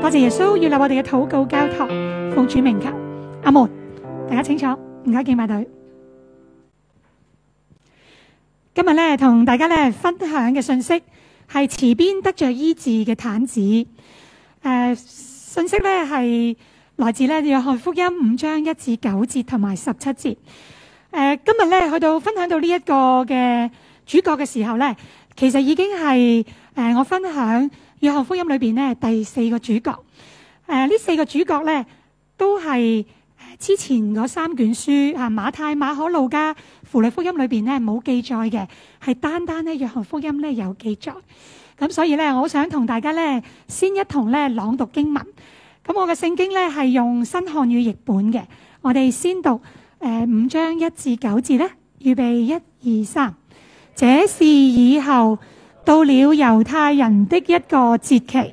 多謝耶穌，要立我哋嘅禱告交託，奉主名求，阿門！大家請坐，唔該建埋隊。今日咧同大家咧分享嘅信息係池邊得着醫治嘅癱子。誒、呃，信息咧係來自咧約翰福音五章一至九節同埋十七節。誒、呃，今日咧去到分享到呢一個嘅主角嘅時候咧，其實已經係誒我分享。約翰福音裏邊呢，第四個主角，誒、呃、呢四個主角呢，都係之前嗰三卷書啊馬太、馬可、路加、符類福音裏邊呢，冇記載嘅，係單單咧約翰福音呢有記載。咁所以呢，我好想同大家呢，先一同呢，朗讀經文。咁我嘅聖經呢，係用新漢語譯本嘅，我哋先讀誒、呃、五章一至九節呢預備一二三，這事以後。到了猶太人的一個節期。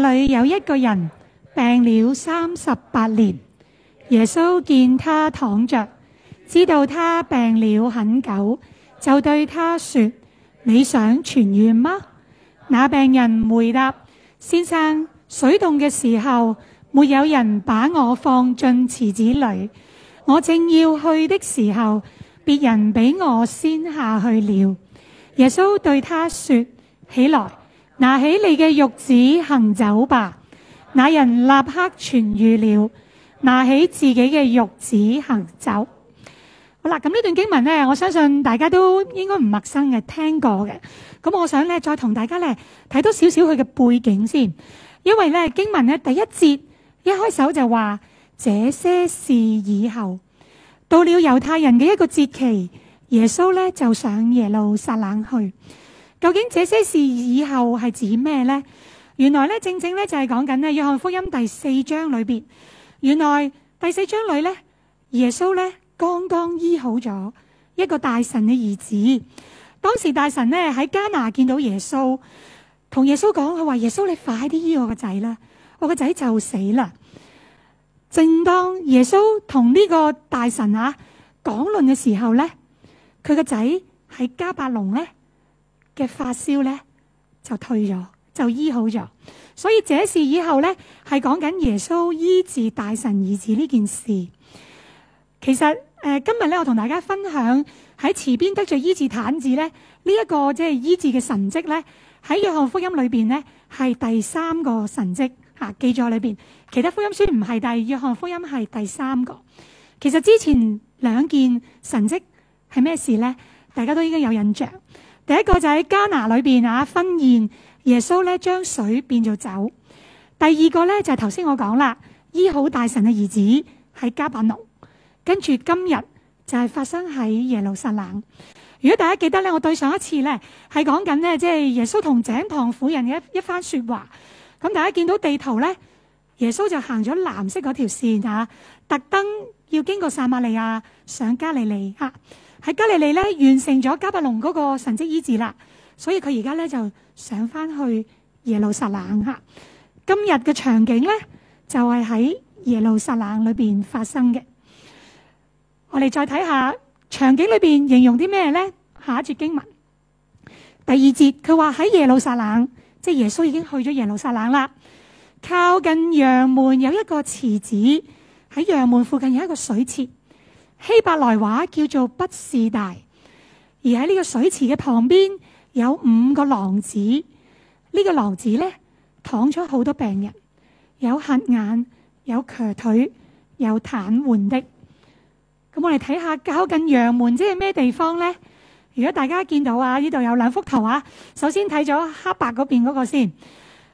那裏有一個人病了三十八年，耶穌見他躺着，知道他病了很久，就對他說：你想痊愈嗎？那病人回答：先生，水動嘅時候，沒有人把我放進池子裏，我正要去的時候，別人比我先下去了。耶穌對他說：起來。拿起你嘅褥子行走吧，那人立刻痊癒了，拿起自己嘅褥子行走。好啦，咁呢段經文呢，我相信大家都應該唔陌生嘅，聽過嘅。咁、嗯、我想咧，再同大家咧睇多少少佢嘅背景先，因為咧經文咧第一節一開首就話：這些事以後，到了猶太人嘅一個節期，耶穌咧就上耶路撒冷去。究竟這些事以後係指咩呢？原來咧，正正咧就係講緊呢。《約翰福音》第四章裏邊，原來第四章裏咧，耶穌咧剛剛醫好咗一個大臣嘅兒子。當時大臣咧喺迦拿見到耶穌，同耶穌講：佢話耶穌，你快啲醫我個仔啦！我個仔就死啦。正當耶穌同呢個大臣啊講論嘅時候咧，佢個仔喺迦百農咧。嘅發燒呢就退咗，就醫好咗。所以這事以後呢，係講緊耶穌醫治大神兒子呢件事。其實誒、呃，今日呢，我同大家分享喺池邊得着醫治癱子呢，呢、這、一個即係醫治嘅神蹟呢，喺約翰福音裏邊呢，係第三個神蹟吓、啊，記載裏邊其他福音書唔係，但係約翰福音係第三個。其實之前兩件神蹟係咩事呢？大家都應該有印象。第一個就喺加拿裏邊啊婚宴，耶穌咧將水變做酒。第二個咧就係頭先我講啦，醫好大臣嘅兒子喺迦百農，跟住今日就係發生喺耶路撒冷。如果大家記得咧，我對上一次咧係講緊咧，即係、就是、耶穌同井旁婦人嘅一一番說話。咁、嗯、大家見到地圖咧，耶穌就行咗藍色嗰條線啊，特登要經過撒瑪利亞上加利利啊。喺加利利咧完成咗加伯隆嗰個神蹟醫治啦，所以佢而家咧就上返去耶路撒冷哈。今日嘅場景咧就係、是、喺耶路撒冷裏邊發生嘅。我哋再睇下場景裏邊形容啲咩咧？下一節經文第二節佢話喺耶路撒冷，即、就、係、是、耶穌已經去咗耶路撒冷啦。靠近羊門有一個池子，喺羊門附近有一個水池。希伯來話叫做畢士大，而喺呢個水池嘅旁邊有五個廊子。這個、子呢個廊子咧躺咗好多病人，有瞎眼，有瘸腿，有癱瘓的。咁我哋睇下，靠近羊門即係咩地方咧？如果大家見到啊，呢度有兩幅圖啊。首先睇咗黑白嗰邊嗰個先，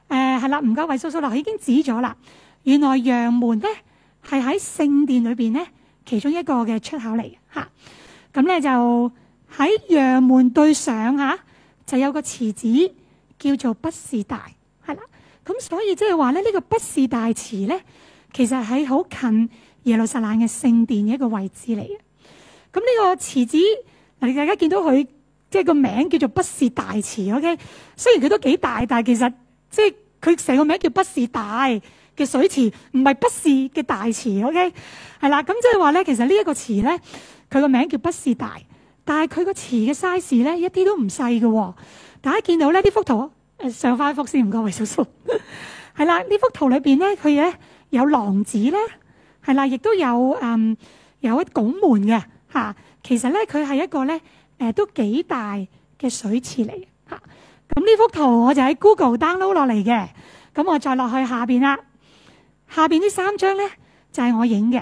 誒係啦，唔該位叔叔，我已經指咗啦。原來羊門咧係喺聖殿裏邊咧。其中一個嘅出口嚟嚇，咁、啊、咧就喺羊門對上嚇、啊，就有個池子叫做畢士大，係啦。咁所以即係話咧，呢、這個畢士大池咧，其實係好近耶路撒冷嘅聖殿嘅一個位置嚟嘅。咁呢個池子嗱，大家見到佢即係個名叫做畢士大池，OK。雖然佢都幾大，但係其實即係佢成個名叫畢士大。嘅水池唔係畢士大嘅大池，OK 係啦。咁即係話咧，其實呢一個池咧，佢個名叫畢士大，但係佢個池嘅 size 咧一啲都唔細嘅。大家見到咧呢幅圖，呃、上翻幅先唔該，位叔叔係啦。呢 幅圖裏邊咧，佢咧有廊子啦，係啦，亦都有嗯有一拱門嘅吓、啊。其實咧，佢係一個咧誒、呃、都幾大嘅水池嚟吓。咁、啊、呢、嗯、幅圖我就喺 Google download 落嚟嘅，咁我再落去下邊啦。下邊呢三張呢，就係、是、我影嘅，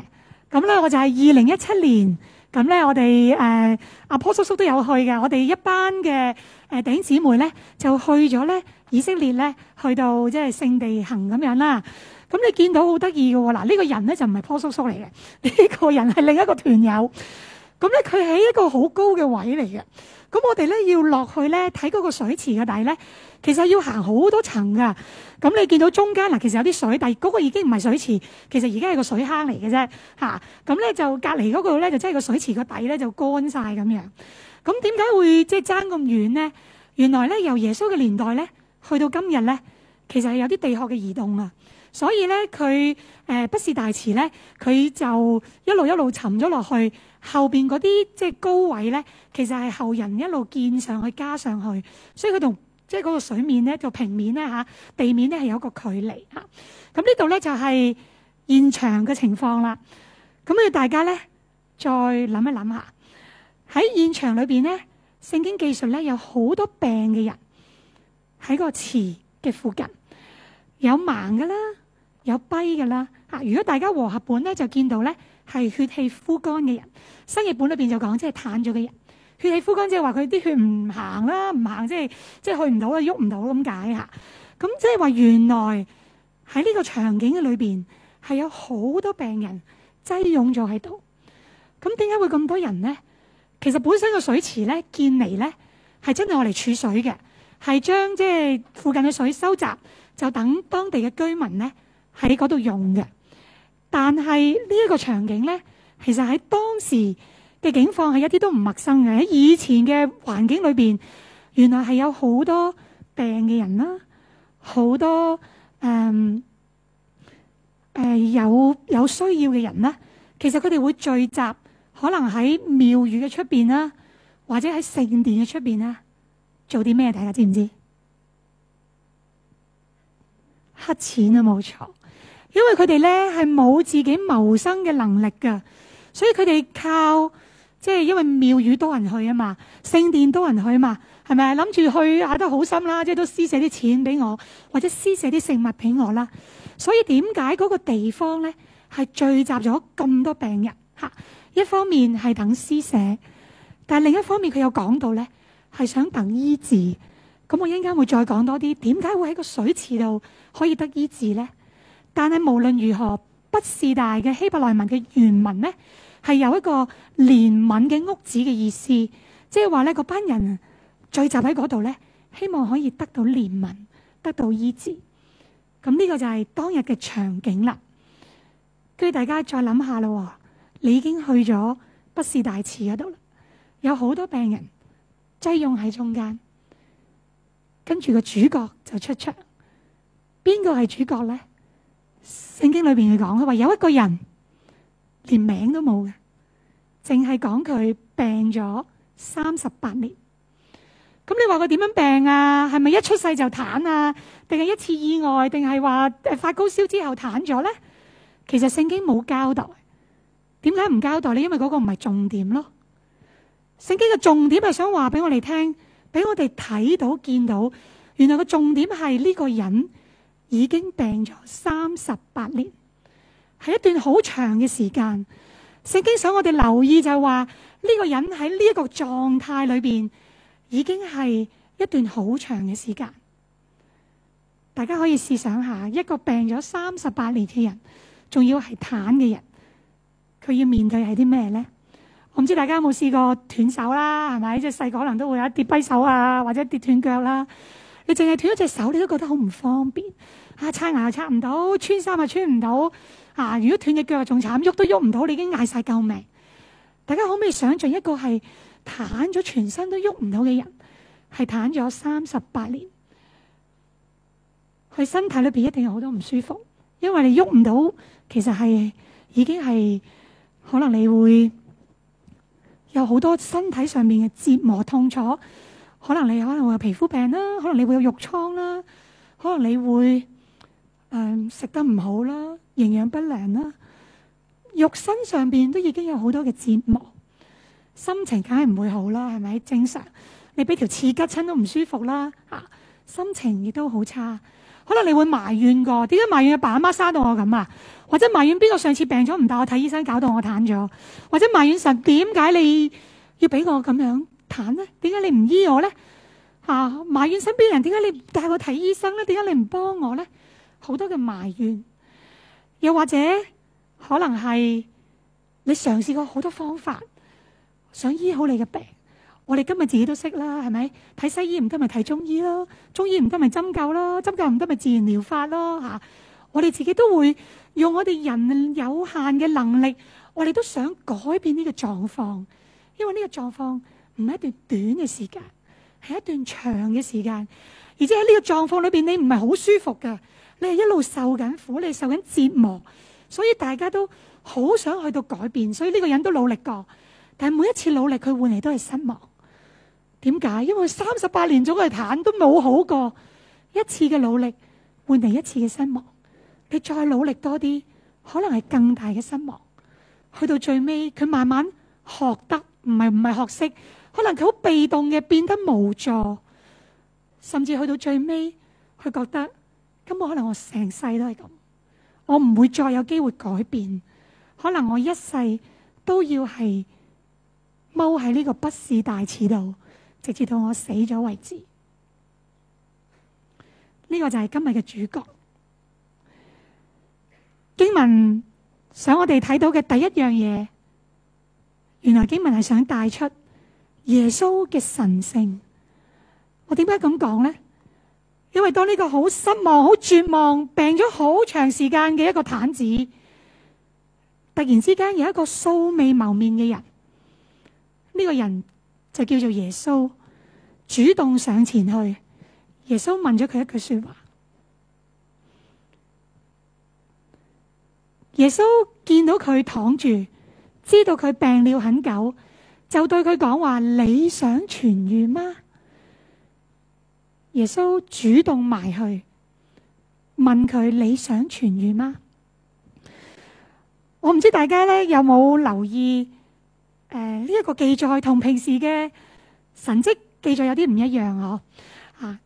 咁呢，我就係二零一七年，咁呢，我哋誒阿坡叔叔都有去嘅，我哋一班嘅誒弟兄姊妹呢，就去咗呢以色列呢，去到即係聖地行咁樣啦，咁你見到好得意嘅喎，嗱、這、呢個人呢，就唔係坡叔叔嚟嘅，呢、這個人係另一個團友，咁呢，佢喺一個好高嘅位嚟嘅。咁我哋咧要落去咧睇嗰個水池嘅底咧，其實要行好多層噶。咁你見到中間嗱，其實有啲水底嗰個已經唔係水池，其實而家係個水坑嚟嘅啫吓，咁咧就隔離嗰個咧就真係個水池個底咧就乾晒咁樣。咁點解會即係爭咁遠咧？原來咧由耶穌嘅年代咧去到今日咧，其實係有啲地殼嘅移動啊。所以咧佢誒畢士大池咧，佢就一路一路沉咗落去。後邊嗰啲即係高位咧，其實係後人一路建上去加上去，所以佢同即係嗰個水面咧，就平面咧嚇地面咧係有一個距離嚇。咁、啊嗯、呢度咧就係、是、現場嘅情況啦。咁、嗯、要大家咧再諗一諗下。喺現場裏邊咧，聖經記述咧有好多病嘅人喺個池嘅附近，有盲嘅啦，有跛嘅啦嚇、啊。如果大家和合本咧就見到咧。係血氣枯乾嘅人，新日本裏邊就講，即係癱咗嘅人。血氣枯乾即係話佢啲血唔行啦，唔行即係即係去唔到啦，喐唔到咁解啊。咁、嗯、即係話原來喺呢個場景嘅裏邊，係有好多病人擠擁咗喺度。咁點解會咁多人咧？其實本身個水池咧建嚟咧，係真係我嚟儲水嘅，係將即係附近嘅水收集，就等當地嘅居民咧喺嗰度用嘅。但係呢一個場景呢，其實喺當時嘅境況係一啲都唔陌生嘅。喺以前嘅環境裏邊，原來係有好多病嘅人啦，好多誒誒、嗯呃、有有需要嘅人啦。其實佢哋會聚集，可能喺廟宇嘅出邊啦，或者喺聖殿嘅出邊啦，做啲咩？大家知唔知？黑錢啊，冇錯。因為佢哋呢係冇自己謀生嘅能力噶所以佢哋靠即係，因為廟宇多人去啊嘛，聖殿多人去啊嘛，係咪諗住去啊？都好心啦，即係都施捨啲錢俾我，或者施捨啲食物俾我啦。所以點解嗰個地方呢係聚集咗咁多病人？吓，一方面係等施捨，但係另一方面佢又講到呢係想等醫治。咁我一陣間會再講多啲點解會喺個水池度可以得醫治呢？但係無論如何，畢士大嘅希伯來文嘅原文呢，係有一個憐憫嘅屋子嘅意思，即係話呢個班人聚集喺嗰度呢，希望可以得到憐憫，得到醫治。咁、嗯、呢、這個就係當日嘅場景啦。跟住大家再諗下啦，你已經去咗畢士大池嗰度，有好多病人擠擁喺中間，跟住個主角就出場，邊個係主角呢？聖經裏邊佢講佢話有一個人連名都冇嘅，淨係講佢病咗三十八年。咁你話佢點樣病啊？係咪一出世就癱啊？定係一次意外？定係話誒發高燒之後癱咗咧？其實聖經冇交代。點解唔交代咧？因為嗰個唔係重點咯。聖經嘅重點係想話俾我哋聽，俾我哋睇、到見到，原來個重點係呢個人。已經病咗三十八年，係一段好長嘅時間。聖經想我哋留意就係話呢個人喺呢一個狀態裏邊，已經係一段好長嘅時間。大家可以試想下，一個病咗三十八年嘅人，仲要係癱嘅人，佢要面對係啲咩呢？我唔知大家有冇試過斷手啦，係咪？即係細個可能都會有一跌跛手啊，或者跌斷腳啦，啊。你淨係斷咗一隻手，你都覺得好唔方便。啊！刷牙又刷唔到，穿衫又穿唔到，啊！如果斷隻腳仲慘，喐都喐唔到，你已經嗌晒救命。大家可唔可以想象一個係癱咗全身都喐唔到嘅人，係癱咗三十八年？佢身體裏邊一定有好多唔舒服，因為你喐唔到，其實係已經係可能你會有好多身體上面嘅折磨痛楚，可能你可能會有皮膚病啦，可能你會有肉瘡啦，可能你會。誒、嗯、食得唔好啦，營養不良啦，肉身上邊都已經有好多嘅折磨，心情梗係唔會好啦，係咪正常？你俾條刺吉親都唔舒服啦，嚇、啊、心情亦都好差。可能你會埋怨過，點解埋怨阿爸阿媽生到我咁啊？或者埋怨邊個上次病咗唔帶我睇醫生，搞到我癱咗？或者埋怨神點解你要俾我咁樣癱呢？點解你唔醫我呢？嚇、啊、埋怨身邊人點解你帶我睇醫生呢？點解你唔幫我呢？好多嘅埋怨，又或者可能係你嘗試過好多方法，想醫好你嘅病。我哋今日自己都識啦，係咪睇西醫唔得咪睇中醫咯？中醫唔得咪針灸咯？針灸唔得咪自然療法咯？吓，我哋自己都會用我哋人有限嘅能力，我哋都想改變呢個狀況，因為呢個狀況唔係一段短嘅時間，係一段長嘅時間，而且喺呢個狀況裏邊，你唔係好舒服㗎。你係一路受緊苦，你受緊折磨，所以大家都好想去到改變，所以呢個人都努力過，但係每一次努力，佢換嚟都係失望。點解？因為三十八年咗個壇都冇好過一次嘅努力，換嚟一次嘅失望。你再努力多啲，可能係更大嘅失望。去到最尾，佢慢慢學得唔係唔係學識，可能佢好被動嘅變得無助，甚至去到最尾，佢覺得。根本可能我成世都係咁，我唔會再有機會改變。可能我一世都要係踎喺呢個畢士大池度，直至到我死咗為止。呢、這個就係今日嘅主角。經文想我哋睇到嘅第一樣嘢，原來經文係想帶出耶穌嘅神聖。我點解咁講呢？因為當呢個好失望、好絕望、病咗好長時間嘅一個癱子，突然之間有一個素未謀面嘅人，呢、這個人就叫做耶穌，主動上前去。耶穌問咗佢一句說話。耶穌見到佢躺住，知道佢病了很久，就對佢講話：你想痊愈嗎？耶穌主動埋去問佢，你想痊愈嗎？我唔知大家咧，有冇留意誒，呢一個記載同平時嘅神蹟記載有啲唔一樣哦啊？啊、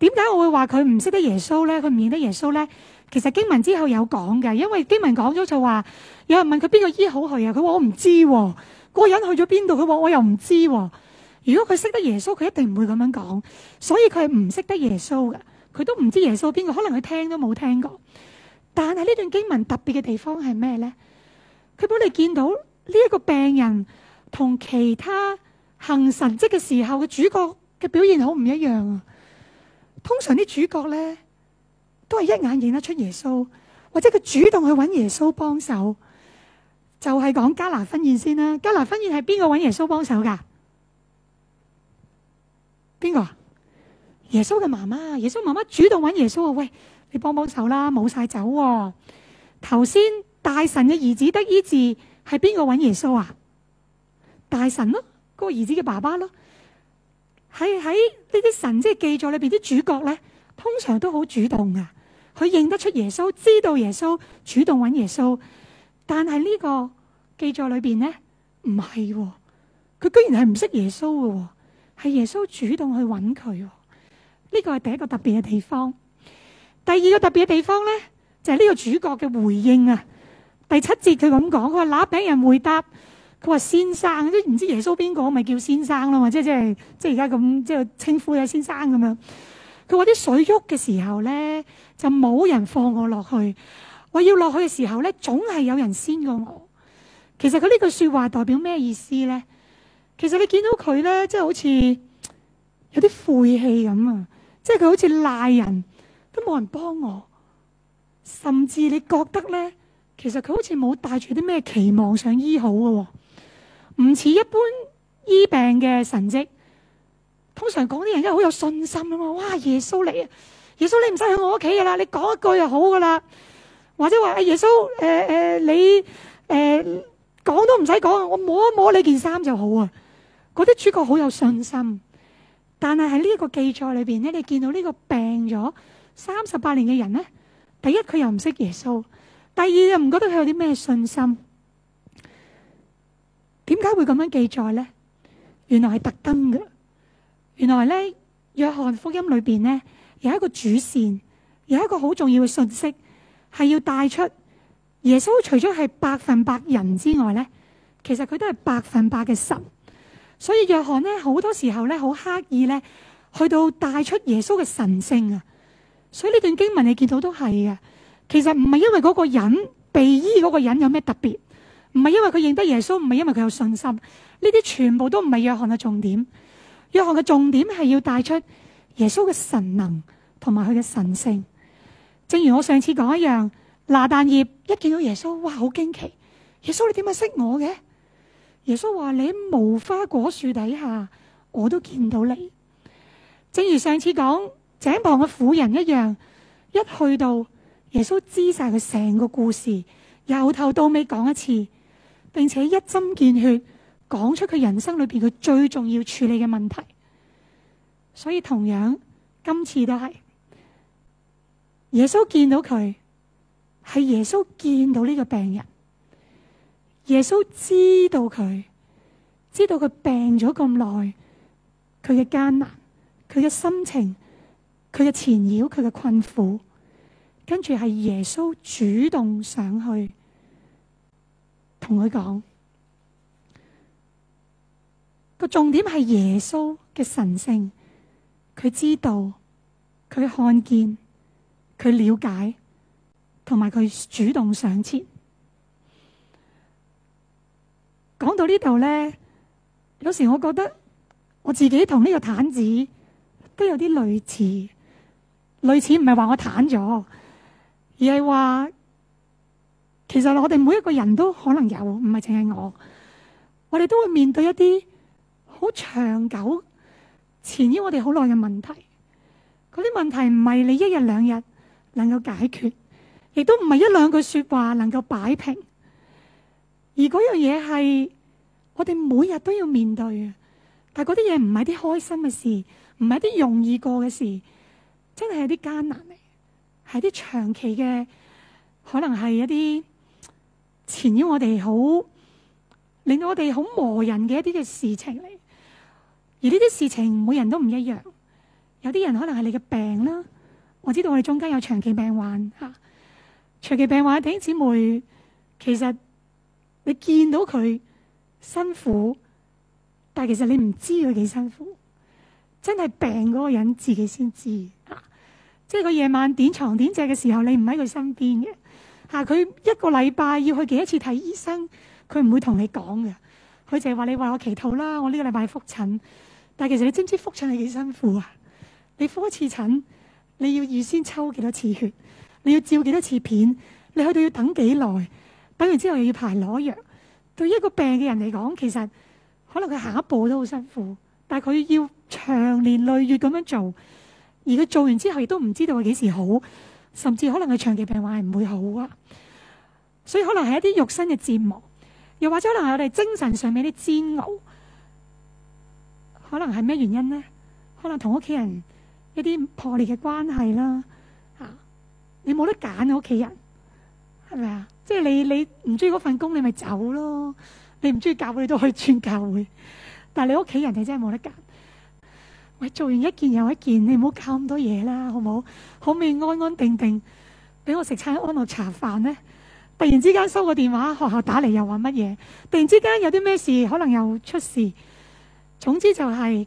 點解我會話佢唔識得耶穌咧？佢唔認得耶穌咧？其實經文之後有講嘅，因為經文講咗就話有人問佢邊個醫好去啊？佢話我唔知喎、啊，嗰個人去咗邊度？佢話我又唔知喎、啊。如果佢識得耶穌，佢一定唔會咁樣講，所以佢係唔識得耶穌嘅，佢都唔知耶穌邊個，可能佢聽都冇聽過。但係呢段經文特別嘅地方係咩呢？佢本嚟見到呢一個病人同其他行神蹟嘅時候嘅主角嘅表現好唔一樣啊。通常啲主角呢，都係一眼認得出耶穌，或者佢主動去揾耶穌幫手。就係講迦拿婚宴先啦。啊，迦拿婚宴係邊個揾耶穌幫手噶？邊個啊？耶穌嘅媽媽，耶穌媽媽主動揾耶穌啊！喂，你幫幫手啦，冇晒酒、啊。頭先大神嘅兒子得醫治，係邊個揾耶穌啊？大神咯，嗰、那個兒子嘅爸爸咯。喺喺呢啲神即係記載裏邊啲主角咧，通常都好主動啊！佢認得出耶穌，知道耶穌，主動揾耶穌。但係呢個記載裏邊咧，唔係、啊，佢居然係唔識耶穌嘅、啊。係耶穌主動去揾佢，哦，呢、這個係第一個特別嘅地方。第二個特別嘅地方咧，就係、是、呢個主角嘅回應啊。第七節佢咁講，佢話，拿病人回答，佢話先生，即唔知耶穌邊個，咪叫先生咯，或者即係即係而家咁，即係稱呼嘅先生咁樣。佢話啲水喐嘅時候咧，就冇人放我落去。我要落去嘅時候咧，總係有人先過我。其實佢呢句說話代表咩意思咧？其實你見到佢咧，即係好似有啲晦氣咁啊！即係佢好似賴人都冇人幫我，甚至你覺得咧，其實佢好似冇帶住啲咩期望想醫好嘅，唔似一般醫病嘅神蹟。通常講啲人真係好有信心啊嘛！哇，耶穌嚟啊！耶穌你唔使去我屋企噶啦，你講一句就好噶啦。或者話誒、哎，耶穌誒誒、呃呃，你誒、呃、講都唔使講，我摸一摸你件衫就好啊！覺得主角好有信心，但係喺呢一個記載裏邊咧，你見到呢個病咗三十八年嘅人咧，第一佢又唔識耶穌，第二又唔覺得佢有啲咩信心，點解會咁樣記載咧？原來係特登嘅。原來咧，約翰福音裏邊咧有一個主線，有一個好重要嘅信息，係要帶出耶穌除咗係百分百人之外咧，其實佢都係百分百嘅神。所以約翰咧，好多時候咧，好刻意咧，去到帶出耶穌嘅神性啊！所以呢段經文你見到都係嘅。其實唔係因為嗰個人被醫嗰個人有咩特別，唔係因為佢認得耶穌，唔係因為佢有信心，呢啲全部都唔係約翰嘅重點。約翰嘅重點係要帶出耶穌嘅神能同埋佢嘅神性。正如我上次講一樣，拿但業一見到耶穌，哇，好驚奇！耶穌你點解識我嘅？耶穌話：你喺無花果樹底下，我都見到你。正如上次講井旁嘅婦人一樣，一去到耶穌知晒佢成個故事，由頭到尾講一次，並且一針見血講出佢人生裏邊佢最重要處理嘅問題。所以同樣今次都係耶穌見到佢，係耶穌見到呢個病人。耶穌知道佢，知道佢病咗咁耐，佢嘅艱難，佢嘅心情，佢嘅纏繞，佢嘅困苦，跟住係耶穌主動上去同佢講，個重點係耶穌嘅神聖，佢知道，佢看見，佢了解，同埋佢主動上前。講到呢度呢，有時我覺得我自己同呢個癱子都有啲類似，類似唔係話我癱咗，而係話其實我哋每一個人都可能有，唔係淨係我，我哋都會面對一啲好長久、纏於我哋好耐嘅問題。嗰啲問題唔係你一日兩日能夠解決，亦都唔係一兩句說話能夠擺平。而嗰樣嘢係我哋每日都要面對嘅，但係嗰啲嘢唔係啲開心嘅事，唔係啲容易過嘅事，真係有啲艱難嚟，係啲長期嘅，可能係一啲纏繞我哋好令到我哋好磨人嘅一啲嘅事情嚟。而呢啲事情每人都唔一樣，有啲人可能係你嘅病啦，我知道我哋中間有長期病患吓，長期病患弟兄姊妹其實。你見到佢辛苦，但係其實你唔知佢幾辛苦。真係病嗰個人自己先知，啊，即係佢夜晚點床點席嘅時候，你唔喺佢身邊嘅吓。佢、啊、一個禮拜要去幾多次睇醫生，佢唔會同你講嘅。佢就係話，你為我祈禱啦，我呢個禮拜複診。但係其實你知唔知複診係幾辛苦啊？你覆一次診，你要預先抽幾多次血，你要照幾多次片，你去到要等幾耐。睇完之後又要排攞藥，對一個病嘅人嚟講，其實可能佢下一步都好辛苦，但係佢要長年累月咁樣做，而佢做完之後亦都唔知道佢幾時好，甚至可能係長期病患係唔會好啊。所以可能係一啲肉身嘅折磨，又或者可能係我哋精神上面啲煎熬，可能係咩原因呢？可能同屋企人一啲破裂嘅關係啦，吓，你冇得揀啊，屋企人。係咪啊？即係你你唔中意嗰份工，你咪走咯。你唔中意教會都可以轉教會，但係你屋企人哋真係冇得揀。喂，做完一件又一件，你唔好搞咁多嘢啦，好唔好？可唔可以安安定定俾我食餐安樂茶飯咧？突然之間收個電話，學校打嚟，又話乜嘢？突然之間有啲咩事，可能又出事。總之就係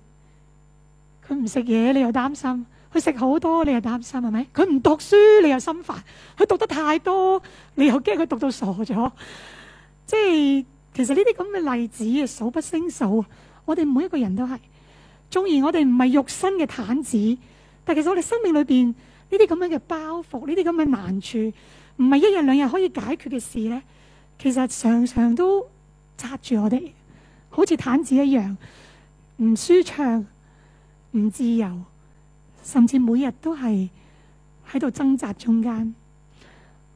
佢唔食嘢，你又擔心。佢食好多，你又擔心係咪？佢唔讀書，你又心煩；佢讀得太多，你又驚佢讀到傻咗。即係其實呢啲咁嘅例子數不勝數啊！我哋每一個人都係，縱然我哋唔係肉身嘅癱子，但其實我哋生命裏邊呢啲咁樣嘅包袱、呢啲咁嘅難處，唔係一日兩日可以解決嘅事呢。其實常常都紮住我哋，好似癱子一樣，唔舒暢，唔自由。甚至每日都係喺度掙扎中間，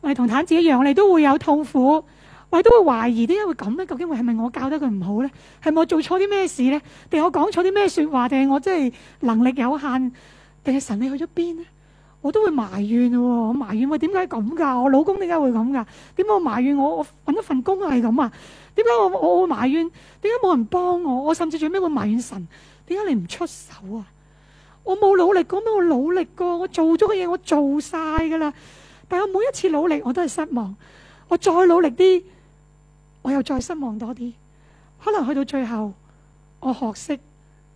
係同癱子一樣，我哋都會有痛苦，我哋都會懷疑，點解會咁呢？究竟係咪我教得佢唔好呢？係咪我做錯啲咩事呢？定係我講錯啲咩說話？定係我真係能力有限？定係神你去咗邊呢？我都會埋怨喎、哦，我埋怨我點解咁噶？我老公點解會咁噶？點解我埋怨我搵咗份工係咁啊？點解我我會埋怨？點解冇人幫我？我甚至最尾會埋怨神，點解你唔出手啊？我冇努力，咁樣我努力過，我做咗嘅嘢我做晒噶啦。但係我每一次努力，我都係失望。我再努力啲，我又再失望多啲。可能去到最後，我學識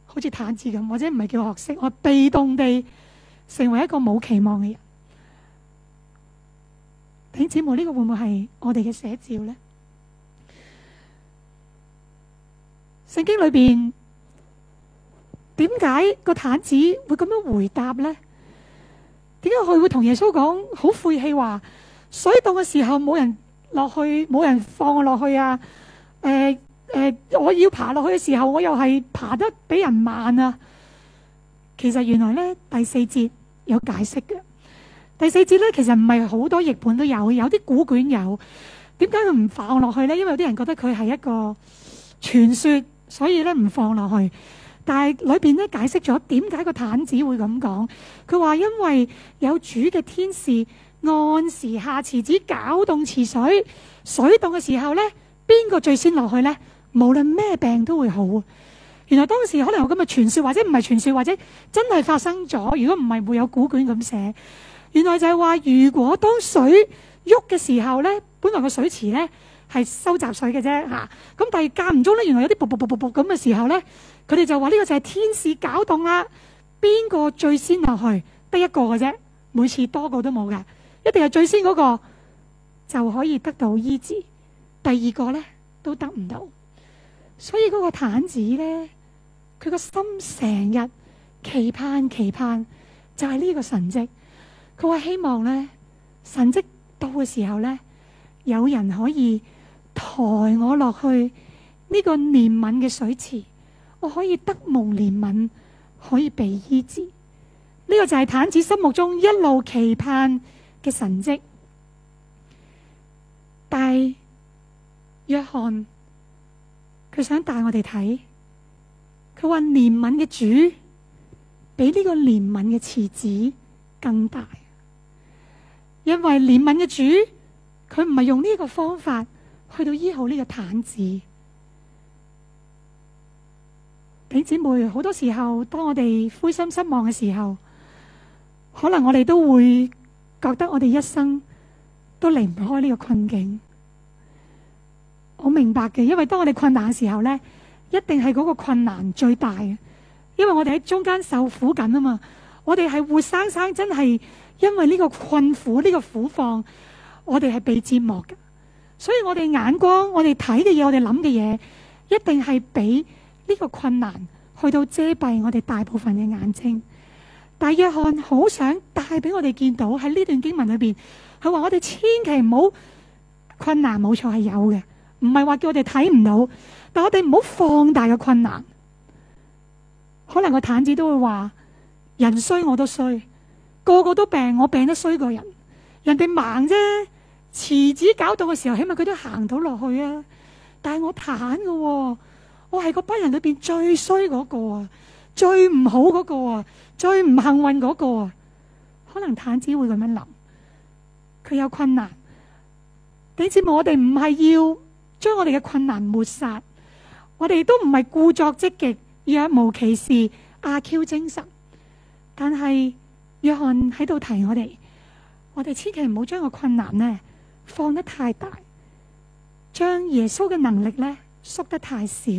好似癱子咁，或者唔係叫學識，我被動地成為一個冇期望嘅人。弟兄姊妹，呢個會唔會係我哋嘅寫照呢？聖經裏邊。點解個癱子會咁樣回答呢？點解佢會同耶穌講好晦氣話？所以當嘅時候冇人落去，冇人放我落去啊！誒、欸欸、我要爬落去嘅時候，我又係爬得比人慢啊！其實原來呢，第四節有解釋嘅。第四節呢，其實唔係好多譯本都有，有啲古卷有。點解佢唔放落去呢？因為有啲人覺得佢係一個傳說，所以咧唔放落去。但係裏邊咧解釋咗點解個癱子會咁講。佢話因為有主嘅天使按時下池子攪動池水，水動嘅時候咧，邊個最先落去咧？無論咩病都會好。原來當時可能有咁嘅傳説，或者唔係傳説，或者真係發生咗。如果唔係會有古卷咁寫。原來就係話，如果當水喐嘅時候咧，本來個水池咧係收集水嘅啫嚇。咁但係間唔中咧，原來有啲噗噗噗噗噗咁嘅時候咧。佢哋就話呢個就係天使搞動啦。邊個最先落去得一個嘅啫？每次多個都冇嘅，一定係最先嗰個就可以得到醫治。第二個咧都得唔到，所以個癱子咧，佢個心成日期盼期盼，就係呢個神蹟，佢話希望咧神蹟到嘅時候咧，有人可以抬我落去呢個憐憫嘅水池。我可以得蒙憐憫，可以被醫治。呢個就係癱子心目中一路期盼嘅神蹟。但係約翰，佢想帶我哋睇。佢話憐憫嘅主，比呢個憐憫嘅池子更大。因為憐憫嘅主，佢唔係用呢個方法去到醫好呢個癱子。俾姊妹好多時候，當我哋灰心失望嘅時候，可能我哋都會覺得我哋一生都離唔開呢個困境。我明白嘅，因為當我哋困難嘅時候呢一定係嗰個困難最大嘅，因為我哋喺中間受苦緊啊嘛。我哋係活生生真係因為呢個困苦、呢個苦況，我哋係被折磨嘅。所以我哋眼光、我哋睇嘅嘢、我哋諗嘅嘢，一定係比。呢個困難去到遮蔽我哋大部分嘅眼睛，但約翰好想帶俾我哋見到喺呢段經文裏邊，佢話我哋千祈唔好困難，冇錯係有嘅，唔係話叫我哋睇唔到，但我哋唔好放大嘅困難。可能個癱子都會話：人衰我都衰，個個都病，我病得衰過人，人哋盲啫，池子搞到嘅時候，起碼佢都行到落去啊！但係我癱嘅，哦。我係嗰班人裏邊最衰嗰個啊，最唔好嗰個啊，最唔幸運嗰個啊，可能癱子會咁樣諗。佢有困難，點知我哋唔係要將我哋嘅困難抹殺，我哋都唔係故作積極、若無其事、阿 Q 精神。但係約翰喺度提我哋，我哋千祈唔好將個困難呢放得太大，將耶穌嘅能力呢縮得太少。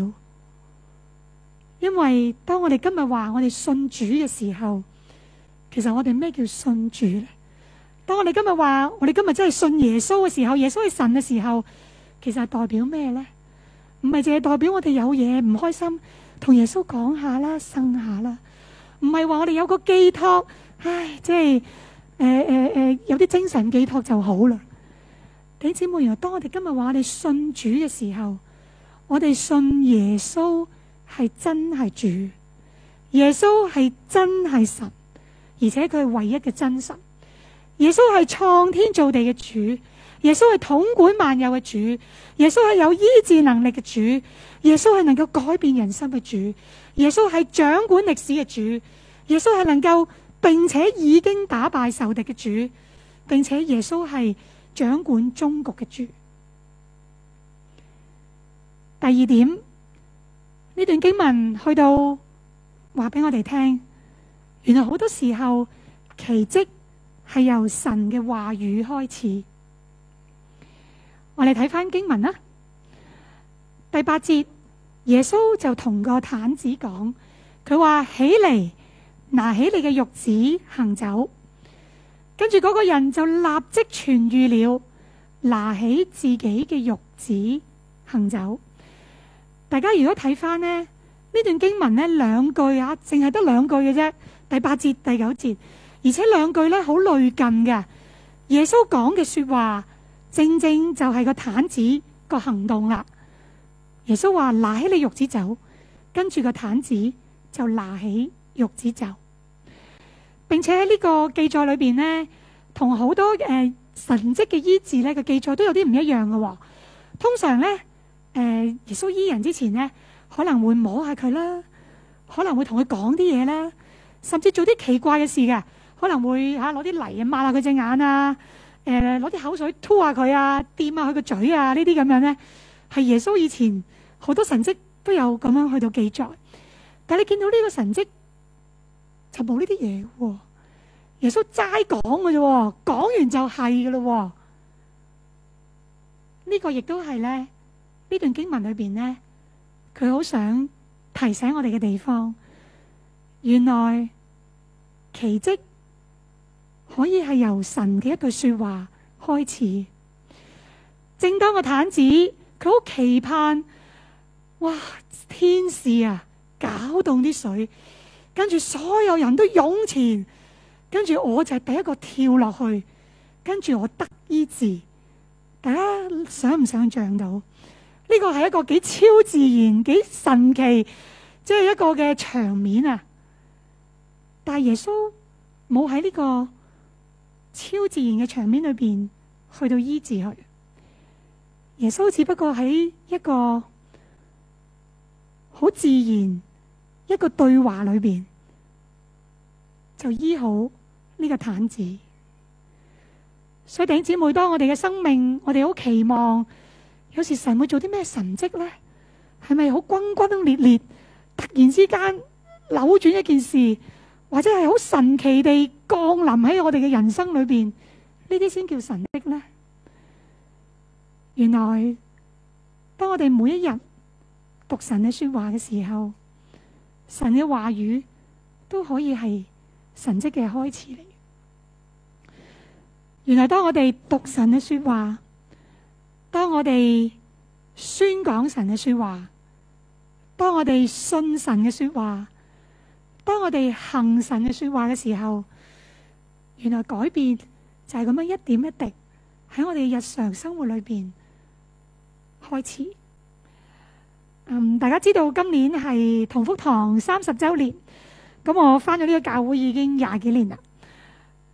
因為當我哋今日話我哋信主嘅時候，其實我哋咩叫信主呢？當我哋今日話我哋今日真係信耶穌嘅時候，耶穌係神嘅時候，其實係代表咩呢？唔係淨係代表我哋有嘢唔開心，同耶穌講下啦，呻下啦，唔係話我哋有個寄託，唉，即係誒誒有啲精神寄託就好啦。弟兄們，又當我哋今日話我哋信主嘅時候，我哋信耶穌。係真係主，耶穌係真係神，而且佢係唯一嘅真神。耶穌係創天造地嘅主，耶穌係統管萬有嘅主，耶穌係有醫治能力嘅主，耶穌係能夠改變人心嘅主，耶穌係掌管歷史嘅主，耶穌係能夠並且已經打敗仇敵嘅主，並且耶穌係掌管中國嘅主。第二點。呢段經文去到話俾我哋聽，原來好多時候奇跡係由神嘅話語開始。我哋睇翻經文啦，第八節，耶穌就同個癱子講，佢話起嚟，拿起你嘅褥子行走。跟住嗰個人就立即痊愈了，拿起自己嘅褥子行走。大家如果睇翻咧呢段經文咧兩句啊，淨係得兩句嘅啫，第八節第九節，而且兩句呢好類近嘅。耶穌講嘅說話，正正就係個癱子個行動啦。耶穌話拿起你褥子走，跟住個癱子就拿起褥子走，並且喺呢個記載裏邊呢，同好多誒、呃、神蹟嘅醫治呢嘅、這個、記載都有啲唔一樣噶、哦。通常呢。誒耶穌醫人之前咧，可能會摸下佢啦，可能會同佢講啲嘢啦，甚至做啲奇怪嘅事嘅，可能會嚇攞啲泥啊抹下佢隻眼啊，誒攞啲口水吐下佢啊，掂下佢個嘴啊，這這呢啲咁樣咧，係耶穌以前好多神蹟都有咁樣去到記載。但你見到呢個神蹟就冇呢啲嘢喎，耶穌齋講㗎啫，講完就係㗎咯。這個、呢個亦都係咧。呢段經文裏邊呢，佢好想提醒我哋嘅地方，原來奇蹟可以係由神嘅一句說話開始。正當個癱子，佢好期盼，哇！天使啊，攪動啲水，跟住所有人都湧前，跟住我就係第一個跳落去，跟住我得醫治。大家想唔想像到？呢個係一個幾超自然，幾神奇，即係一個嘅場面啊！但耶穌冇喺呢個超自然嘅場面裏邊去到醫治佢。耶穌只不過喺一個好自然一個對話裏邊就醫好呢個癱子。所以弟兄姊妹，當我哋嘅生命，我哋好期望。有時神會做啲咩神蹟呢？係咪好轟轟烈烈？突然之間扭轉一件事，或者係好神奇地降臨喺我哋嘅人生裏邊？呢啲先叫神蹟呢？原來當我哋每一日讀神嘅說話嘅時候，神嘅話語都可以係神蹟嘅開始嚟。原來當我哋讀神嘅說話。當我哋宣講神嘅說話，當我哋信神嘅說話，當我哋行神嘅說話嘅時候，原來改變就係咁樣一點一滴喺我哋日常生活裏邊開始。嗯，大家知道今年係同福堂三十周年，咁我返咗呢個教會已經廿幾年啦。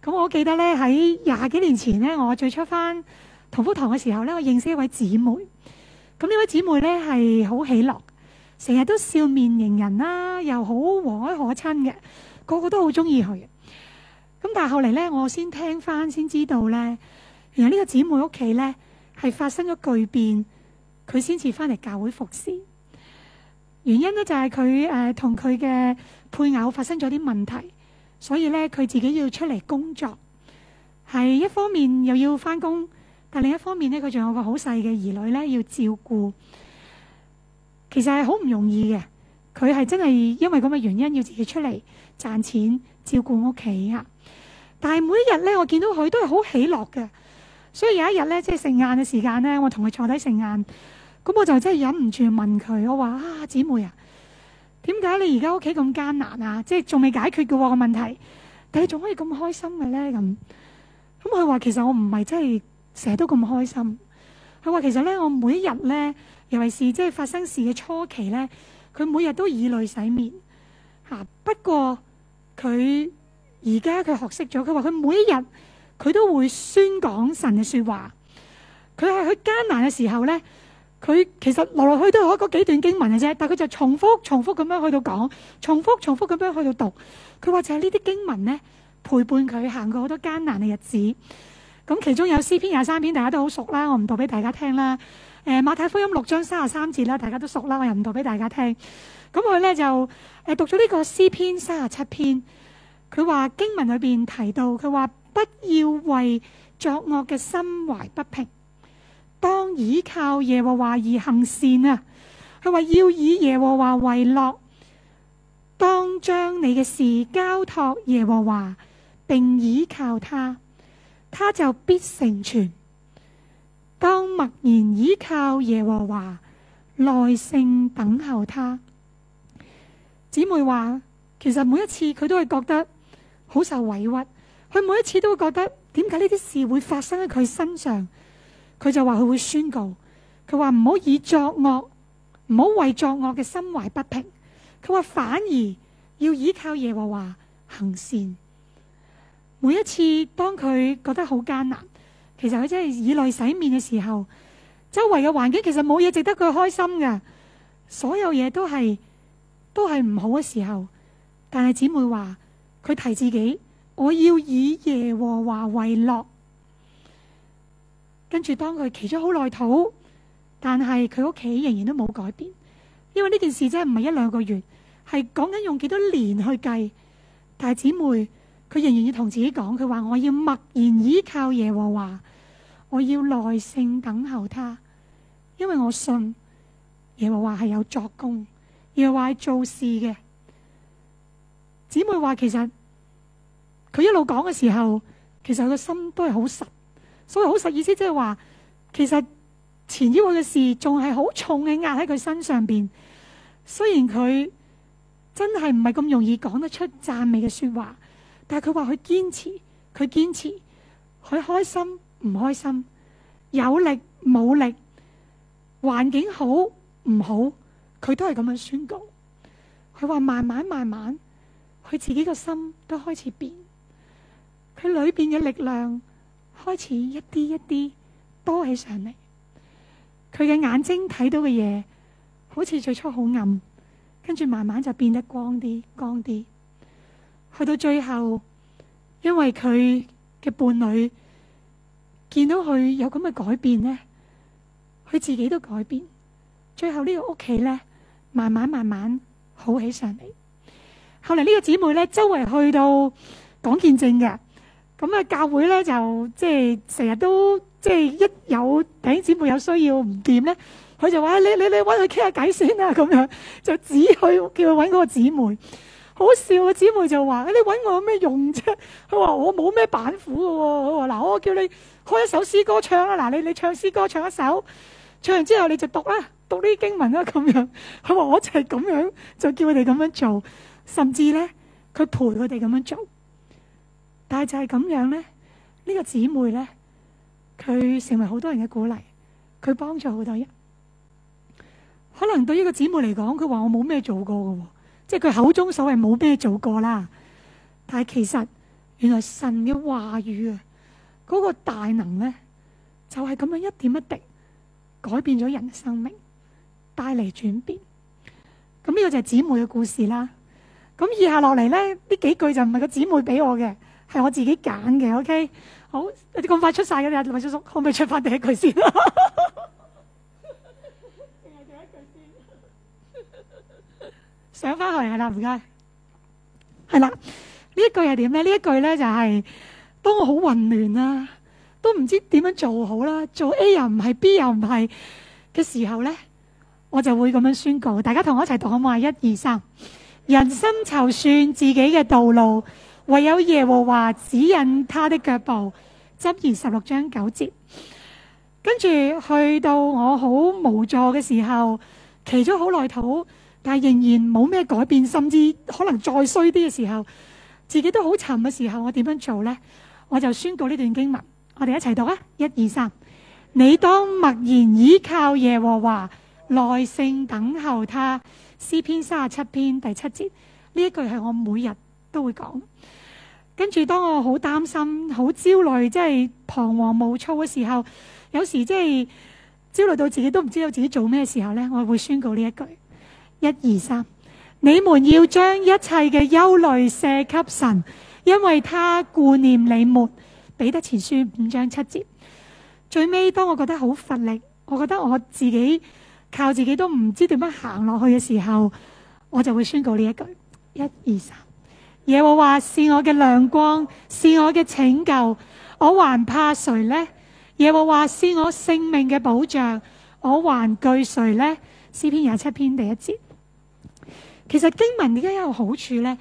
咁我記得呢，喺廿幾年前呢，我最初返。同福堂嘅時候咧，我認識一位姊妹。咁呢位姊妹咧係好喜樂，成日都笑面迎人啦，又好和藹可親嘅，個個都好中意佢。咁但係後嚟咧，我先聽翻先知道咧，原來呢個姊妹屋企咧係發生咗巨變，佢先至翻嚟教會服侍，原因咧就係佢誒同佢嘅配偶發生咗啲問題，所以咧佢自己要出嚟工作，係一方面又要翻工。但另一方面咧，佢仲有個好細嘅兒女咧，要照顧。其實係好唔容易嘅。佢係真係因為咁嘅原因要自己出嚟賺錢照顧屋企啊。但係每一日咧，我見到佢都係好喜樂嘅。所以有一日呢，即係食晏嘅時間呢，我同佢坐低食晏，咁我就真係忍唔住問佢：我話啊，姊妹啊，點解你而家屋企咁艱難啊？即係仲未解決嘅喎個問題，但係仲可以咁開心嘅呢？咁咁。佢話其實我唔係真係。成日都咁開心，佢話其實咧，我每一日咧，尤其是即係發生事嘅初期咧，佢每日都以淚洗面嚇、啊。不過佢而家佢學識咗，佢話佢每一日佢都會宣講神嘅説話。佢喺佢艱難嘅時候咧，佢其實來來去去都係嗰幾段經文嘅啫，但係佢就重複重複咁樣去到講，重複重複咁樣去到讀。佢話就係呢啲經文咧，陪伴佢行過好多艱難嘅日子。咁其中有詩篇廿三篇，大家都好熟啦，我唔讀俾大家聽啦。誒馬太福音六章三十三節啦，大家都熟啦，我又唔讀俾大家聽。咁佢咧就誒讀咗呢個詩篇三十七篇，佢話經文裏邊提到，佢話不要為作惡嘅心懷不平，當倚靠耶和華而行善啊！佢話要以耶和華為樂，當將你嘅事交託耶和華，並倚靠他。他就必成全。當默然倚靠耶和華，耐性等候他。姊妹話，其實每一次佢都會覺得好受委屈，佢每一次都會覺得點解呢啲事會發生喺佢身上，佢就話佢會宣告，佢話唔好以作惡，唔好為作惡嘅心懷不平，佢話反而要倚靠耶和華行善。每一次當佢覺得好艱難，其實佢真係以淚洗面嘅時候，周圍嘅環境其實冇嘢值得佢開心嘅，所有嘢都係都係唔好嘅時候。但係姊妹話佢提自己，我要以耶和華為樂。跟住當佢祈咗好耐禱，但係佢屋企仍然都冇改變，因為呢件事真係唔係一兩個月，係講緊用幾多年去計。但係姊妹。佢仍然要同自己講，佢話我要默然依靠耶和華，我要耐性等候他，因為我信耶和華係有作工，耶和華係做事嘅。姊妹話其實佢一路講嘅時候，其實佢個心都係好實，所謂好實意思即係話，其實前腰佢嘅事仲係好重嘅壓喺佢身上邊，雖然佢真係唔係咁容易講得出讚美嘅說話。但係佢話佢堅持，佢堅持，佢開心唔開心，有力冇力，環境好唔好，佢都係咁樣宣告。佢話慢慢慢慢，佢自己個心都開始變，佢裏邊嘅力量開始一啲一啲多起上嚟。佢嘅眼睛睇到嘅嘢，好似最初好暗，跟住慢慢就變得光啲，光啲。去到最後，因為佢嘅伴侶見到佢有咁嘅改變咧，佢自己都改變。最後呢個屋企咧，慢慢慢慢好起上嚟。後嚟呢個姊妹咧，周圍去到講見證嘅，咁啊，教會咧就即係成日都即係一有弟兄姊妹有需要唔掂咧，佢就話：你你你揾佢傾下偈先啊！咁樣就指去叫佢揾嗰個姊妹。好笑啊！姊妹就話：你搵我有咩用啫？佢話，我冇咩板斧噶喎。我話嗱，我叫你開一首詩歌唱啦。嗱，你你唱詩歌唱一首，唱完之後你就讀啦，讀啲經文啦咁樣。佢話，我就係咁樣，就叫佢哋咁樣做，甚至咧，佢陪佢哋咁樣做。但係就係咁樣咧，這個、姐呢個姊妹咧，佢成為好多人嘅鼓勵，佢幫助好多人。可能對呢個姊妹嚟講，佢話，我冇咩做過噶喎。即係佢口中所謂冇咩做過啦，但係其實原來神嘅話語啊，嗰、那個大能咧，就係、是、咁樣一點一滴改變咗人嘅生命，帶嚟轉變。咁呢個就係姊妹嘅故事啦。咁以下落嚟咧，呢幾句就唔係個姊妹俾我嘅，係我自己揀嘅。OK，好咁快出晒嘅，阿秘、啊、叔叔，可唔可以出翻第一句先？ 想翻去係啦，唔該係啦。呢一句係點呢？呢一句呢就係、是、當我好混亂啦，啊，都唔知點樣做好啦。做 A 又唔係，B 又唔係嘅時候呢，我就會咁樣宣告。大家同我一齊讀下嘛，一二三。人生籌算自己嘅道路，唯有耶和華指引他的腳步。箴二十六章九節。跟住去到我好無助嘅時候，其中好耐土。但仍然冇咩改變，甚至可能再衰啲嘅時候，自己都好沉嘅時候，我點樣做咧？我就宣告呢段經文，我哋一齊讀啊！一二三，你當默然倚靠耶和華，耐性等候他。詩篇三十七篇第七節，呢一句係我每日都會講。跟住，當我好擔心、好焦慮，即係彷徨無措嘅時候，有時即係焦慮到自己都唔知道自己做咩時候咧，我會宣告呢一句。一二三，1> 1, 2, 你們要將一切嘅憂慮卸給神，因為他顧念你們。彼得前書五章七節。最尾，當我覺得好乏力，我覺得我自己靠自己都唔知點樣行落去嘅時候，我就會宣告呢一句：一二三。耶和華是我嘅亮光，是我嘅拯救，我還怕誰呢？耶和華是我性命嘅保障，我還懼誰呢？詩篇廿七篇第一節。其實經文點解有好處呢？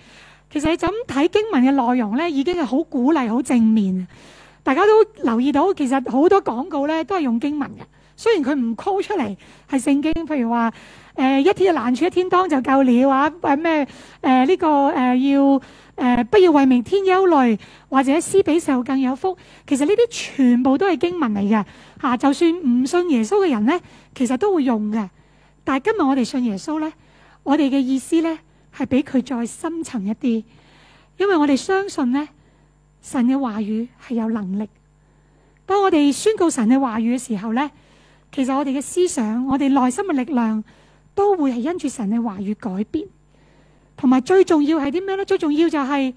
其實你咁睇經文嘅內容呢，已經係好鼓勵、好正面。大家都留意到，其實好多廣告呢都係用經文嘅。雖然佢唔 call 出嚟係聖經，譬如話誒、呃、一天難處一天當就夠了啊、呃這個呃呃，或者咩誒呢個誒要誒不要為明天憂慮，或者施比受更有福。其實呢啲全部都係經文嚟嘅吓。就算唔信耶穌嘅人呢，其實都會用嘅。但係今日我哋信耶穌呢。我哋嘅意思呢，係俾佢再深層一啲，因為我哋相信呢，神嘅話語係有能力。當我哋宣告神嘅話語嘅時候呢，其實我哋嘅思想、我哋內心嘅力量都會係因住神嘅話語改變。同埋最重要係啲咩呢？最重要就係、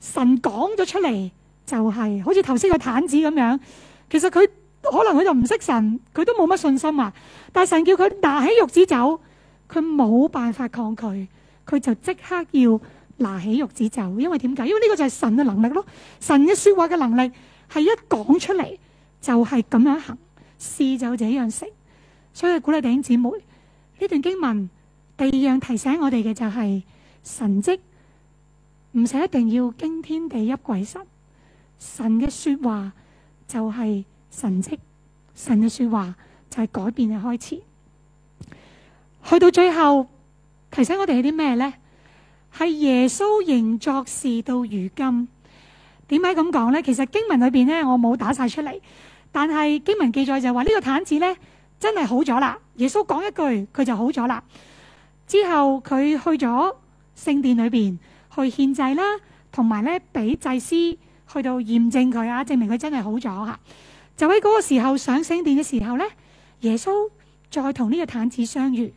是、神講咗出嚟就係、是，好似頭先個癱子咁樣。其實佢可能佢就唔識神，佢都冇乜信心啊。但係神叫佢拿起褥子走。佢冇辦法抗拒，佢就即刻要拿起褥子走。因為點解？因為呢個就係神嘅能力咯。神嘅說話嘅能力係一講出嚟就係、是、咁樣行，事就這樣成，所以鼓勵弟兄姊妹，呢段經文第二樣提醒我哋嘅就係、是、神蹟，唔使一定要驚天地泣鬼神。神嘅說話就係神蹟，神嘅說話就係改變嘅開始。去到最後提醒我哋係啲咩呢？係耶穌仍作事到如今。點解咁講呢？其實經文裏邊呢，我冇打晒出嚟，但係經文記載就係話呢個癱子呢，真係好咗啦。耶穌講一句，佢就好咗啦。之後佢去咗聖殿裏邊去獻祭啦，同埋呢，俾祭司去到驗證佢啊，證明佢真係好咗吓。就喺嗰個時候上聖殿嘅時候呢，耶穌再同呢個癱子相遇。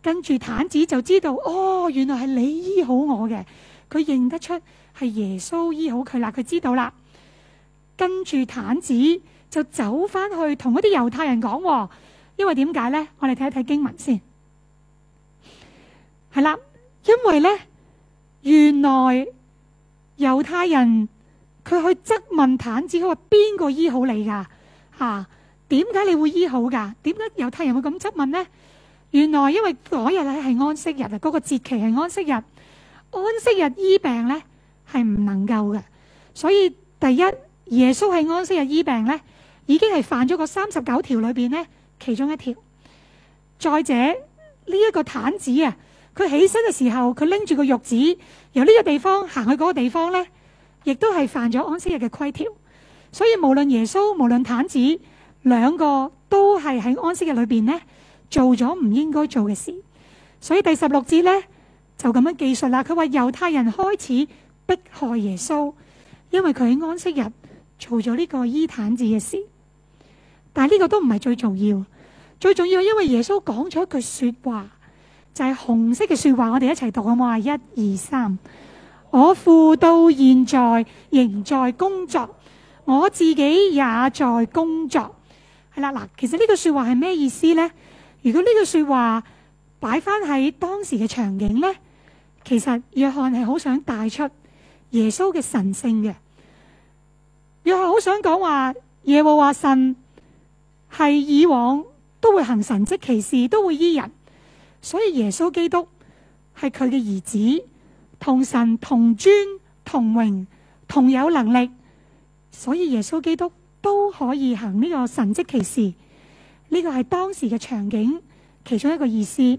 跟住癱子就知道，哦，原來係你醫好我嘅。佢認得出係耶穌醫好佢啦，佢知道啦。跟住癱子就走翻去同嗰啲猶太人講，哦，因為點解呢？我哋睇一睇經文先，係啦。因為呢，原來猶太人佢去質問癱子，佢話邊個醫好你噶？吓、啊，點解你會醫好噶？點解猶太人會咁質問呢？原來因為嗰日咧係安息日啊，嗰個節期係安息日，安息日醫病咧係唔能夠嘅。所以第一，耶穌喺安息日醫病咧，已經係犯咗個三十九條裏邊咧其中一條。再者呢一個癱子啊，佢起身嘅時候，佢拎住個褥子，由呢個地方行去嗰個地方咧，亦都係犯咗安息日嘅規條。所以無論耶穌，無論癱子，兩個都係喺安息日裏邊咧。做咗唔應該做嘅事，所以第十六節呢，就咁樣記述啦。佢話，猶太人開始迫害耶穌，因為佢喺安息日做咗呢個伊坦字嘅事。但係呢個都唔係最重要，最重要因為耶穌講咗一句說話，就係、是、紅色嘅說話。我哋一齊讀好冇啊！一二三，我父到現在仍在工作，我自己也在工作。係啦嗱，其實呢句說話係咩意思呢？如果呢句說話擺翻喺當時嘅場景呢，其實約翰係好想帶出耶穌嘅神聖嘅，約翰好想講話耶和華神係以往都會行神蹟奇事，都會醫人，所以耶穌基督係佢嘅兒子，同神同尊同榮，同，榮同有能力，所以耶穌基督都可以行呢個神蹟奇事。呢個係當時嘅場景，其中一個意思。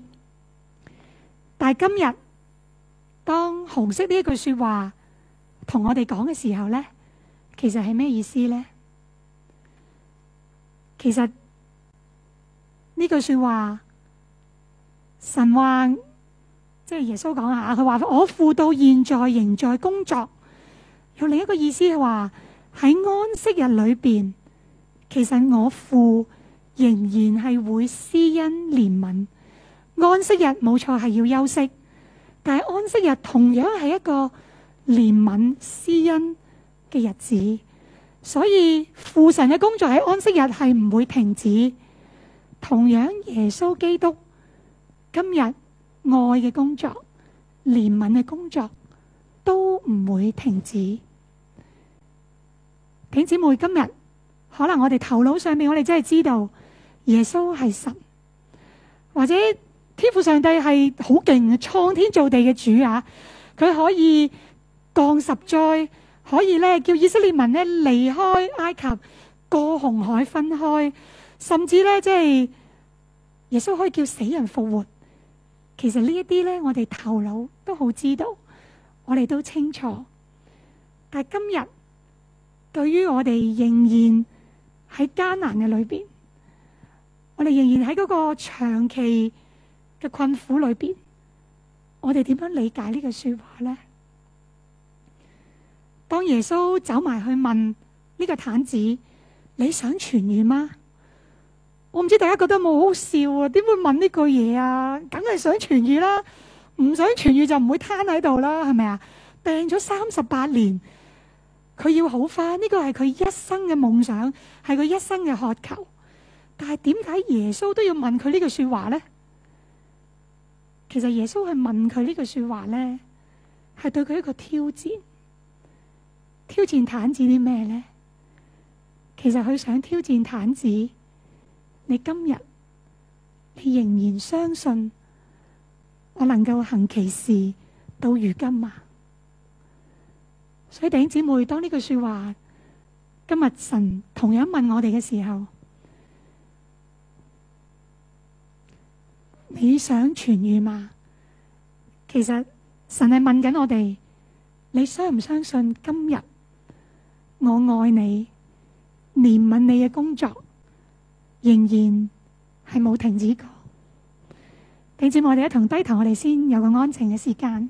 但係今日當紅色呢一句說話同我哋講嘅時候呢，其實係咩意思呢？其實呢句說話，神話即係、就是、耶穌講下，佢話我父到現在仍在工作。用另一個意思係話喺安息日裏邊，其實我父。仍然係會施恩憐憫，安息日冇錯係要休息，但係安息日同樣係一個憐憫施恩嘅日子，所以父神嘅工作喺安息日係唔會停止，同樣耶穌基督今日愛嘅工作、憐憫嘅工作都唔會停止。弟兄姊妹，今日可能我哋頭腦上面我哋真係知道。耶穌係神，或者天父上帝係好勁嘅創天造地嘅主啊！佢可以降十災，可以咧叫以色列民咧離開埃及，過紅海分開，甚至咧即係耶穌可以叫死人復活。其實呢一啲咧，我哋頭腦都好知道，我哋都清楚。但係今日對於我哋仍然喺艱難嘅裏邊。我哋仍然喺嗰個長期嘅困苦裏邊，我哋點樣理解呢個說話呢？當耶穌走埋去問呢個癱子，你想痊愈嗎？我唔知大家覺得冇好笑啊？點會問呢句嘢啊？梗係想痊愈啦，唔想痊愈就唔會癱喺度啦，係咪啊？病咗三十八年，佢要好翻，呢個係佢一生嘅夢想，係佢一生嘅渴求。但係點解耶穌都要問佢呢句說話呢？其實耶穌係問佢呢句說話呢，係對佢一個挑戰。挑戰癱子啲咩呢？其實佢想挑戰癱子，你今日你仍然相信我能夠行其事到如今啊？所以弟兄姊妹，當呢句說話今日神同樣問我哋嘅時候。你想痊癒嗎？其實神係問緊我哋，你相唔相信今日我愛你、憐憫你嘅工作，仍然係冇停止過。請接我哋一同低頭，我哋先有個安靜嘅時間。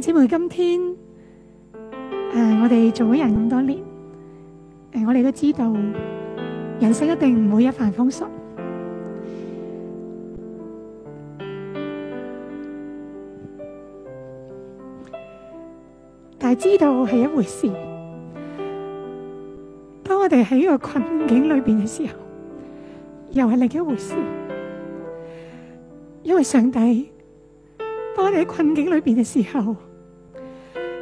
姐妹，今天誒，我哋做咗人咁多年，誒，我哋都知道人生一定唔會一帆風順，但係知道係一回事。當我哋喺呢個困境裏邊嘅時候，又係另一回事，因為上帝當我哋喺困境裏邊嘅時候。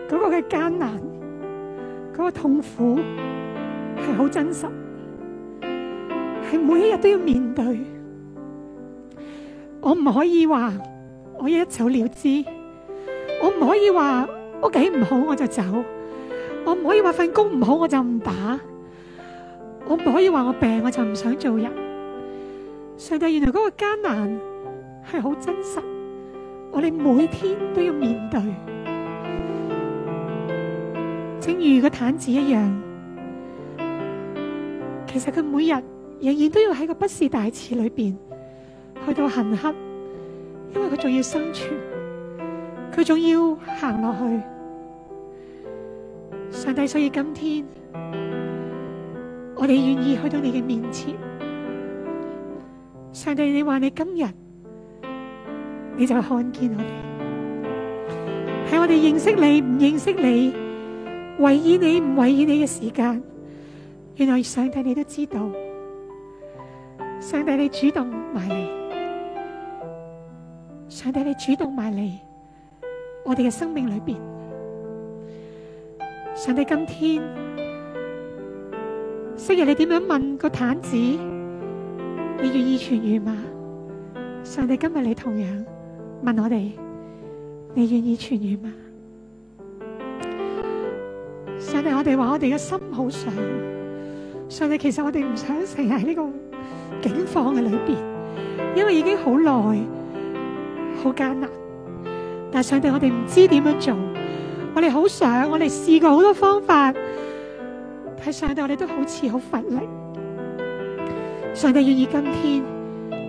嗰個嘅艱難，嗰個痛苦係好真實，係每一日都要面對。我唔可以話我一走了之，我唔可以話屋企唔好我就走，我唔可以話份工唔好我就唔打，我唔可以話我病我就唔想做人。上帝原來嗰個艱難係好真實，我哋每天都要面對。正如個癱子一樣，其實佢每日仍然都要喺個畢士大池裏邊去到行黑，因為佢仲要生存，佢仲要行落去。上帝所以今天，我哋願意去到你嘅面前。上帝，你話你今日你就看見我哋，係我哋認識你，唔認識你。為意你唔為意你嘅時間，原來上帝你都知道，上帝你主動埋嚟，上帝你主動埋嚟，我哋嘅生命裏邊，上帝今天，昔日你點樣問個癱子，你願意痊癒嗎？上帝今日你同樣問我哋，你願意痊癒嗎？上帝，我哋話我哋嘅心好想，上帝其實我哋唔想成日喺呢個境況嘅裏邊，因為已經好耐、好艱難。但上帝，我哋唔知點樣做，我哋好想，我哋試過好多方法，喺上帝，我哋都好似好乏力。上帝願意今天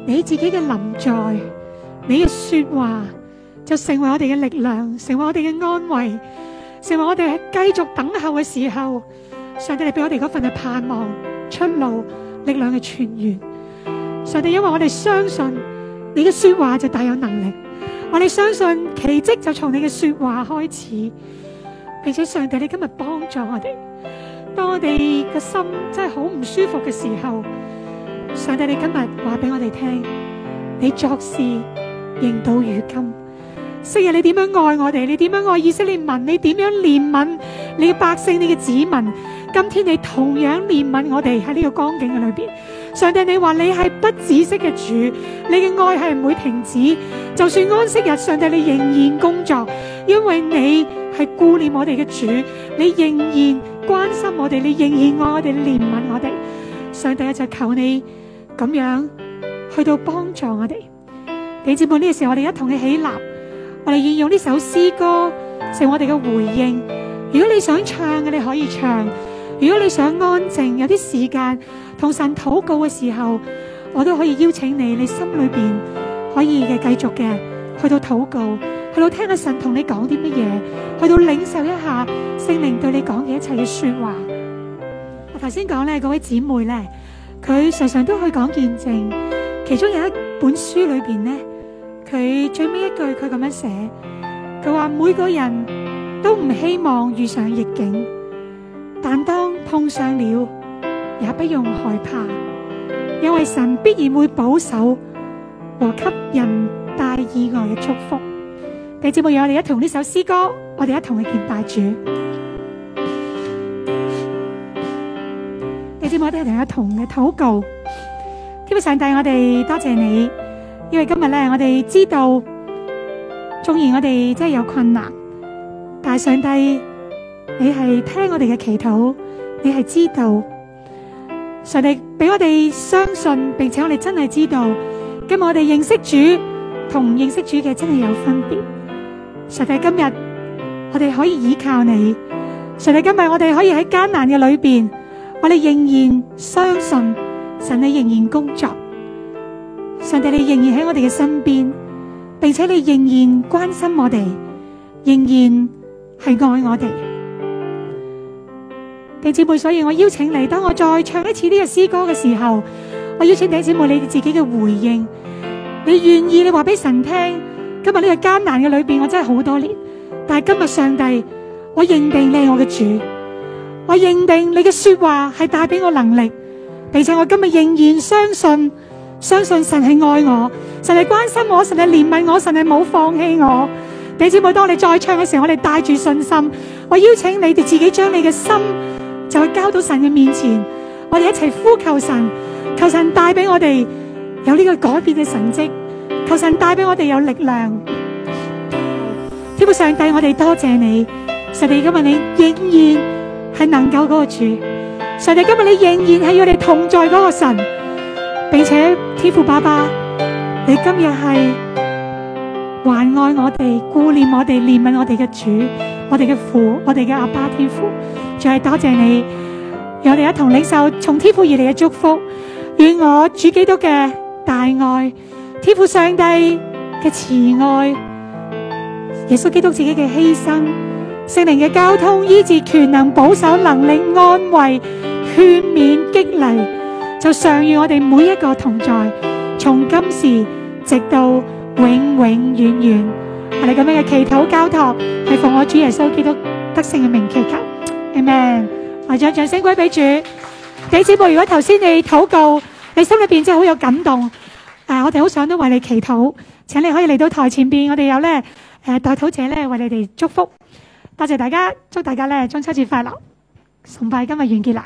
你自己嘅臨在，你嘅說話就成為我哋嘅力量，成為我哋嘅安慰。正話我哋喺繼續等候嘅時候，上帝你俾我哋嗰份嘅盼望出路、力量嘅泉源。上帝，因為我哋相信你嘅說話就大有能力，我哋相信奇跡就從你嘅說話開始，並且上帝，你今日幫助我哋。當我哋個心真係好唔舒服嘅時候，上帝，你今日話俾我哋聽，你作事直到如今。昔日你點樣愛我哋？你點樣愛以色列民？你點樣憐憫你嘅百姓、你嘅子民？今天你同樣憐憫我哋喺呢個光景嘅裏邊。上帝，你話你係不止息嘅主，你嘅愛係唔會停止。就算安息日，上帝你仍然工作，因為你係顧念我哋嘅主，你仍然關心我哋，你仍然愛我哋、憐憫我哋。上帝啊，就求你咁樣去到幫助我哋。弟兄姊妹，呢個時候，我哋一同你起立。我哋要用呢首詩歌，成我哋嘅回應。如果你想唱嘅，你可以唱；如果你想安靜，有啲時間同神禱告嘅時候，我都可以邀請你，你心裏邊可以嘅繼續嘅去到禱告，去到聽下神同你講啲乜嘢，去到領受一下聖靈對你講嘅一切嘅說話。我頭先講咧，呢位姊妹咧，佢常常都去講見證，其中有一本書裏邊咧。佢最尾一句佢咁樣寫，佢話每個人都唔希望遇上逆境，但當碰上了，也不用害怕，因為神必然會保守和給人帶意外嘅祝福。第節目有，我哋一同呢首詩歌，我哋一同去見大主。第節目有我哋同佢同嘅禱告，天父上帝，我哋多謝你。因為今日咧，我哋知道，縱然我哋真係有困難，但係上帝，你係聽我哋嘅祈禱，你係知道，上帝俾我哋相信，並且我哋真係知道，今日我哋認識主同唔認識主嘅真係有分別。上帝今日，我哋可以倚靠你。上帝今日，我哋可以喺艱難嘅裏邊，我哋仍然相信，神你仍然工作。上帝你仍然喺我哋嘅身邊，並且你仍然關心我哋，仍然係愛我哋。弟兄姊妹，所以我邀請你，當我再唱一次呢個詩歌嘅時候，我邀請弟兄姊妹你哋自己嘅回應，你願意你話俾神聽，今日呢個艱難嘅裏邊，我真係好多年，但係今日上帝，我認定你係我嘅主，我認定你嘅說話係帶俾我能力，並且我今日仍然相信。相信神係愛我，神係關心我，神係憐憫我，神係冇放棄我。弟兄姊妹，當你再唱嘅時候，我哋帶住信心。我邀請你哋自己將你嘅心就去交到神嘅面前，我哋一齊呼求神，求神帶俾我哋有呢個改變嘅神蹟，求神帶俾我哋有力量。天父上帝，我哋多謝你，神地今日你仍然係能夠嗰個主，神你今日你仍然係我哋同在嗰個神。並且天父爸爸，你今日係還愛我哋，顧念我哋，憐憫我哋嘅主，我哋嘅父，我哋嘅阿爸天父，就係多謝你，我哋一同領受從天父而嚟嘅祝福。願我主基督嘅大愛，天父上帝嘅慈愛，耶穌基督自己嘅犧牲，聖靈嘅交通，醫治權能、保守能力、安慰、勸勉、激勵。就上與我哋每一個同在，從今時直到永永遠遠，係我哋咁樣嘅祈禱交託，係奉我主耶穌基督得勝嘅名祈求，amen。埋咗掌掌聲歸俾主。弟兄姊妹，如果頭先你禱告，你心裏邊真係好有感動，誒，我哋好想都為你祈禱，請你可以嚟到台前邊，我哋有咧誒代禱者咧為你哋祝福。多謝大家，祝大家咧中秋節快樂。崇拜今日完結啦。